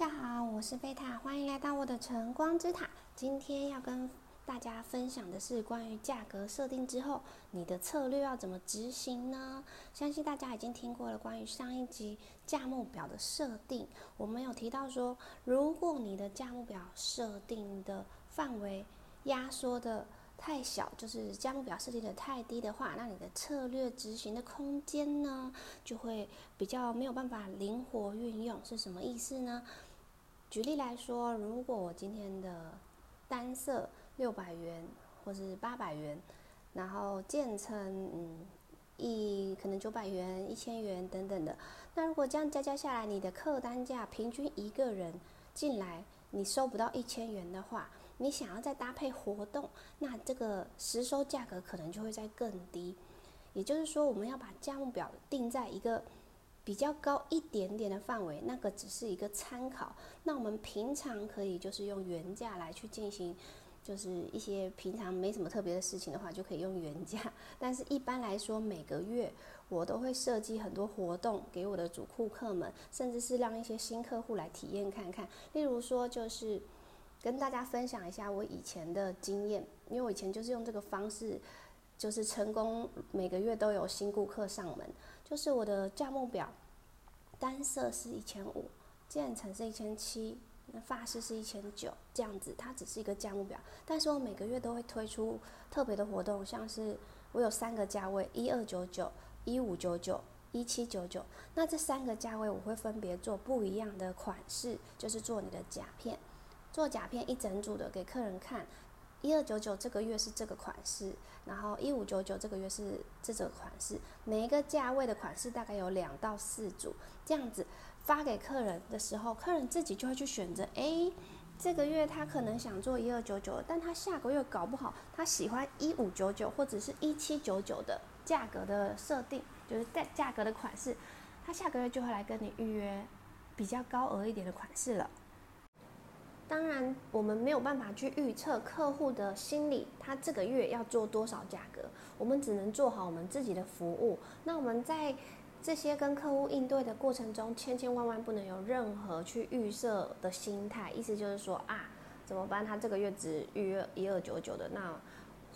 大家好，我是貝塔，歡迎來到我的晨光之塔。今天要跟大家分享的是關於價格設定之後，你的策略要怎麼執行呢？相信大家已經聽過了關於上一集價目表的設定，我們有提到說，如果你的價目表設定的範圍壓縮得太小，就是價目表設定得太低的話，那你的策略執行的空間呢，就會比較沒有辦法靈活運用，是什麼意思呢？舉例來說，如果我今天的單色六百元或是八百元，然後漸層嗯一可能九百元、一千元等等的，那如果這樣加加下來，你的客單價平均一個人進來你收不到一千元的話，你想要再搭配活動，那這個實收價格可能就會再更低。也就是說，我們要把價目表定在一個。比較高一點點的範圍，那個只是一個參考。那我們平常可以就是用原價來去進行，就是一些平常沒什麼特別的事情的話，就可以用原價。但是一般來說，每個月我都會設計很多活動給我的主顧客們，甚至是讓一些新客戶來體驗看看。例如說，就是跟大家分享一下我以前的經驗，因為我以前就是用這個方式。就是成功每個月都有新顧客上門，就是我的價目表，單色是一千五，漸層是一千七，那法式是一千九，這樣子，它只是一個價目表。但是我每個月都會推出特別的活動，像是我有三個價位，一二九九、一五九九、一七九九，那這三個價位我會分別做不一樣的款式，就是做你的甲片，做甲片一整組的給客人看。一二九九這個月是這個款式，然後一五九九這個月是這個款式，每一個價位的款式大概有兩到四組，這樣子發給客人的時候，客人自己就會去選擇。誒、欸，這個月他可能想做一二九九，但他下個月搞不好他喜歡一五九九或者是一七九九的價格的設定，就是價價格的款式，他下個月就會來跟你預約比較高額一點的款式了。當然，我們沒有辦法去預測客戶的心理，他這個月要做多少價格，我們只能做好我們自己的服務。那我們在這些跟客戶應對的過程中，千千萬萬不能有任何去預設的心態。意思就是說啊，怎麼辦？他這個月只預約一二九九的那。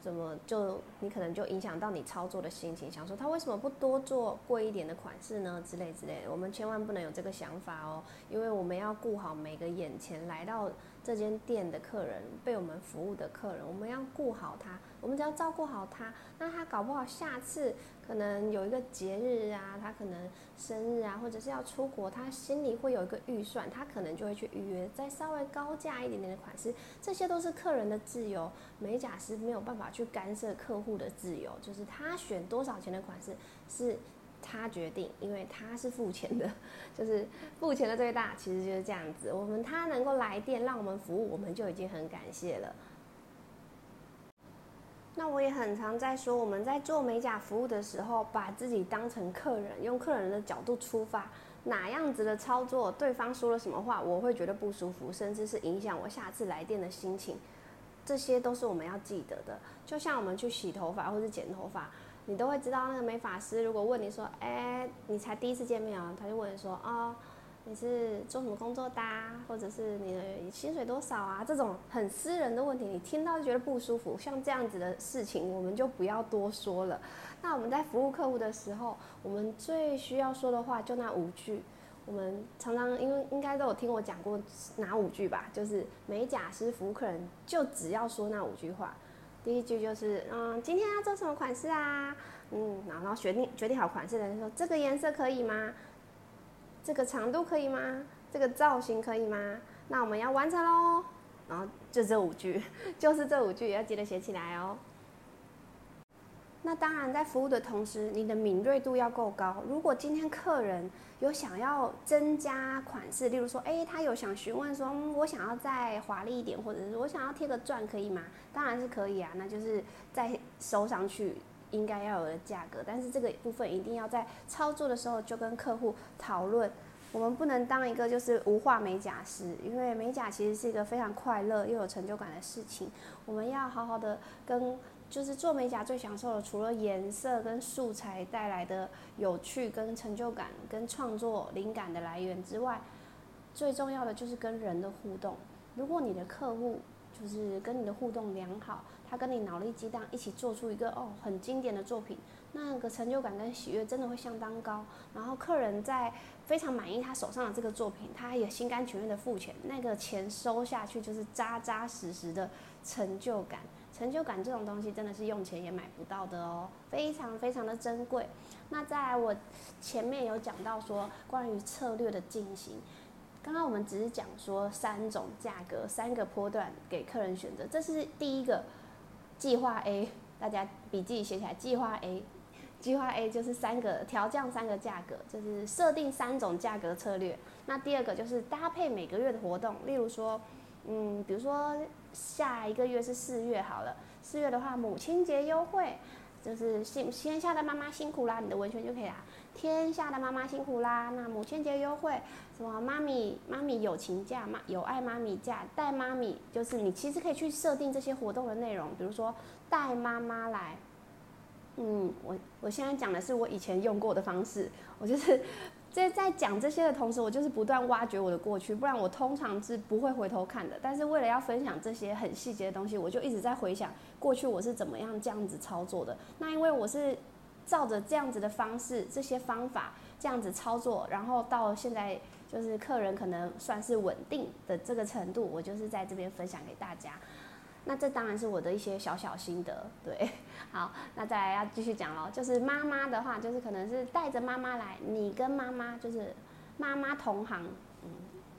怎麼就你可能就影響到你操作的心情，想說他為什麼不多做貴一點的款式呢？之類之類的，我們千萬不能有這個想法哦，因為我們要顧好每個眼前來到這間店的客人，被我們服務的客人，我們要顧好他。我們只要照顧好他，那他搞不好下次可能有一個節日啊，他可能生日啊，或者是要出國，他心裡會有一個預算，他可能就會去預約再稍微高價一點點的款式，這些都是客人的自由，美甲師沒有辦法去干涉客戶的自由，就是他選多少錢的款式是他決定，因為他是付錢的，就是付錢的最大，其實就是這樣子，我們他能夠來店讓我們服務，我們就已經很感謝了。那我也很常在說，我們在做美甲服務的時候，把自己當成客人，用客人的角度出發，哪樣子的操作，對方說了什麼話，我會覺得不舒服，甚至是影響我下次來店的心情，這些都是我們要記得的。就像我們去洗頭髮或者剪頭髮，你都會知道那個美髮師，如果問你說，哎、欸，你才第一次見面啊，他就問你說啊。哦你是做什麼工作的啊，或者是你的薪水多少啊？這種很私人的問題，你聽到就覺得不舒服。像這樣子的事情，我們就不要多說了。那我們在服務客戶的時候，我們最需要說的話就那五句。我們常常因為應該都有聽我講過哪五句吧，就是美甲師服務客人就只要說那五句話。第一句就是嗯，今天要做什麼款式啊？嗯，然後決定決定好款式的人說這個顏色可以嗎？這個長度可以嗎？這個造型可以嗎？那我們要完成嘍。然後就這五句，就是這五句，也要記得寫起來哦。那當然，在服務的同時，你的敏銳度要夠高。如果今天客人有想要增加款式，例如說，哎，他有想詢問說，我想要再華麗一點，或者是我想要貼個鑽，可以嗎？當然是可以啊，那就是再收上去。應該要有的價格，但是這個部分一定要在操作的時候就跟客戶討論。我們不能當一個就是無話美甲師，因為美甲其實是一個非常快樂又有成就感的事情。我們要好好的跟，就是做美甲最享受的，除了顏色跟素材帶來的有趣跟成就感跟創作靈感的來源之外，最重要的就是跟人的互動。如果你的客戶就是跟你的互動良好，他跟你腦力激盪一起做出一個哦很經典的作品，那個成就感跟喜悅真的會相當高。然後客人在非常滿意他手上的這個作品，他也心甘情願的付錢，那個錢收下去就是扎扎實實的成就感。成就感這種東西真的是用錢也買不到的哦，非常非常的珍貴。那再來，我前面有講到說關於策略的進行，剛剛我們只是講說三種價格、三個波段給客人選擇，這是第一個。計劃 A，大家筆記寫起來。計劃 A，計劃 A 就是三個調降三個價格，就是設定三種價格策略。那第二個就是搭配每個月的活動，例如說，嗯，比如說下一個月是四月好了，四月的話母親節優惠。就是先天下的媽媽辛苦啦，你的文宣，就可以啦。天下的媽媽辛苦啦，那母親節優惠什麼？媽咪媽咪友情價，媽友愛媽咪價，帶媽咪，就是你其實可以去設定這些活動的內容，比如說帶媽媽來。嗯，我我現在講的是我以前用過的方式，我就是。在在講這些的同時，我就是不斷挖掘我的過去，不然我通常是不會回頭看的。但是為了要分享這些很細節的東西，我就一直在回想過去我是怎麼樣這樣子操作的。那因為我是照着這樣子的方式、這些方法這樣子操作，然後到現在就是客人可能算是穩定的這個程度，我就是在這邊分享給大家。那這當然是我的一些小小心得，對，好，那再來要繼續講嘍，就是媽媽的話，就是可能是帶着媽媽來，你跟媽媽就是媽媽同行，嗯，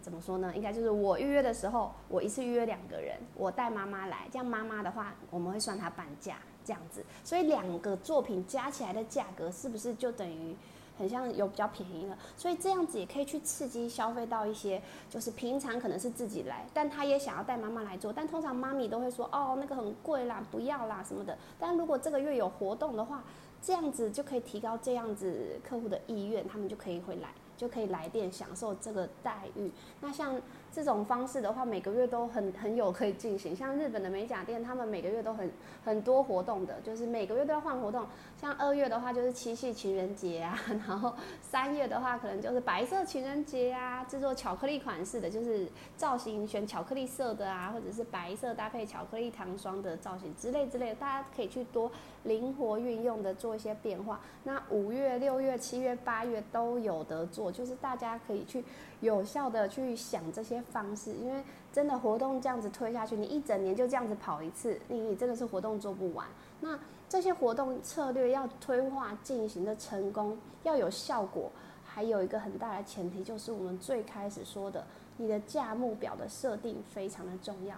怎麼說呢？應該就是我預約的時候，我一次預約兩個人，我帶媽媽來，這樣媽媽的話我們會算她半價這樣子，所以兩個作品加起來的價格是不是就等於？很像有比較便宜的，所以這樣子也可以去刺激消費到一些，就是平常可能是自己來，但他也想要帶媽媽來做，但通常媽咪都會說哦那個很貴啦，不要啦什麼的。但如果這個月有活動的話，這樣子就可以提高這樣子客戶的意願，他們就可以回來，就可以來店享受這個待遇。那像。這種方式的話，每個月都很很有可以進行。像日本的美甲店，他們每個月都很很多活動的，就是每個月都要換活動。像二月的話，就是七夕情人節啊，然後三月的話，可能就是白色情人節啊，制作巧克力款式的，就是造型選巧克力色的啊，或者是白色搭配巧克力糖霜的造型之類之類的，大家可以去多。靈活運用的做一些變化，那五月、六月、七月、八月都有得做，就是大家可以去有效的去想這些方式，因為真的活動這樣子推下去，你一整年就這樣子跑一次，你真的是活動做不完。那這些活動策略要推化進行的成功，要有效果，還有一個很大的前提就是我們最開始說的，你的價目表的設定非常的重要。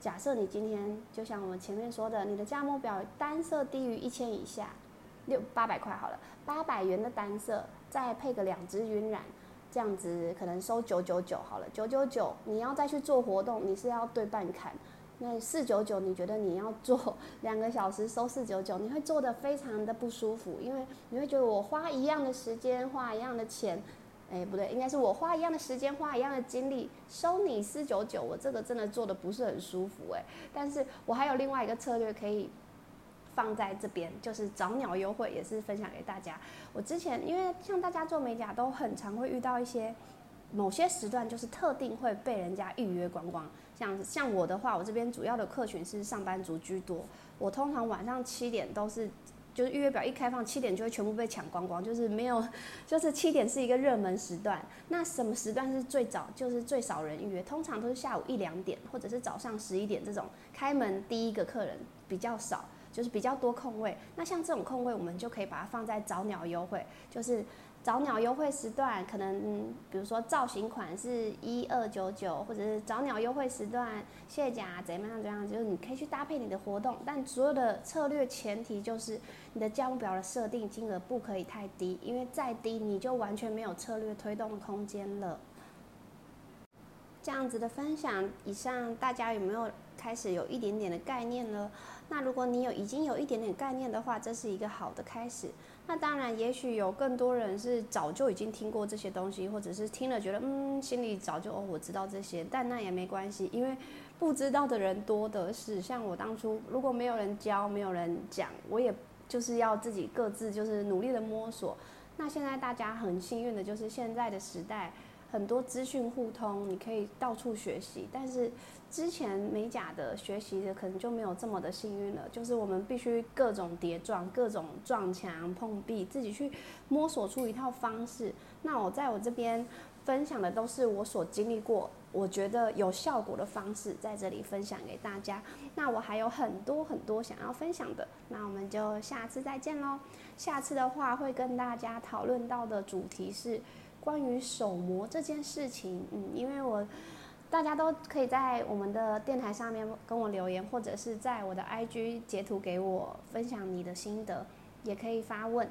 假設你今天就像我們前面說的，你的價目表單色低於一千以下，六八百塊好了，八百元的單色，再配個兩支暈染，這樣子可能收九九九好了，九九九你要再去做活動，你是要對半砍，那四九九你覺得你要做兩個小時收四九九，你會做得非常的不舒服，因為你會覺得我花一樣的時間，花一樣的錢。哎、欸，不對，應該是我花一樣的時間，花一樣的精力，收你四九九，我這個真的做的不是很舒服哎、欸。但是我還有另外一個策略可以放在這邊，就是早鳥優惠，也是分享給大家。我之前因為像大家做美甲都很常會遇到一些某些時段，就是特定會被人家預約光光。像像我的話，我這邊主要的客群是上班族居多，我通常晚上七點都是。就是預約表一開放，七點就會全部被搶光光，就是沒有，就是七點是一個熱門時段。那什麼時段是最早？就是最少人預約，通常都是下午一兩點，或者是早上十一點這種。開門第一個客人比較少，就是比較多空位。那像這種空位，我們就可以把它放在早鳥優惠，就是。早鳥優惠時段可能，比如說造型款是一二九九，或者是早鳥優惠時段卸甲怎麼樣怎麼樣，就是你可以去搭配你的活動。但所有的策略前提就是你的價目表的設定金額不可以太低，因為再低你就完全沒有策略推動的空間了。這樣子的分享，以上大家有沒有開始有一點點的概念呢？那如果你有已經有一點點概念的話，這是一個好的開始。那當然，也許有更多人是早就已經聽過這些東西，或者是聽了覺得嗯，心裡早就哦，我知道這些，但那也沒關係，因為不知道的人多的是。像我當初，如果沒有人教、沒有人講，我也就是要自己各自就是努力的摸索。那現在大家很幸運的就是現在的時代。很多資訊互通，你可以到處學習。但是之前美甲的學習的可能就沒有這麼的幸運了，就是我們必須各種疊撞、各種撞牆、碰壁，自己去摸索出一套方式。那我在我這邊分享的都是我所經歷過、我覺得有效果的方式，在這裡分享給大家。那我還有很多很多想要分享的，那我們就下次再見嘍。下次的話會跟大家討論到的主題是，關於手模這件事情，嗯，因為我大家都可以在我們的電台上面跟我留言，或者是在我的 IG 截圖給我分享你的心得，也可以發問。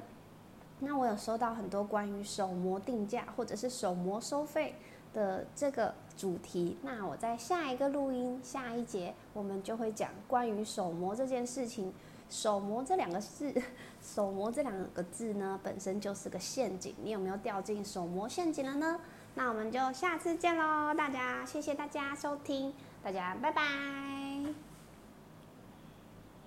那我有收到很多關於手模定價或者是手模收費的這個主題，那我在下一個錄音，下一節我們就會講關於手模這件事情。手模這兩個字，手模這兩個字呢，本身就是個陷阱。你有沒有掉進手模陷阱了呢？那我們就下次見嘍，大家，謝謝大家收聽，大家拜拜。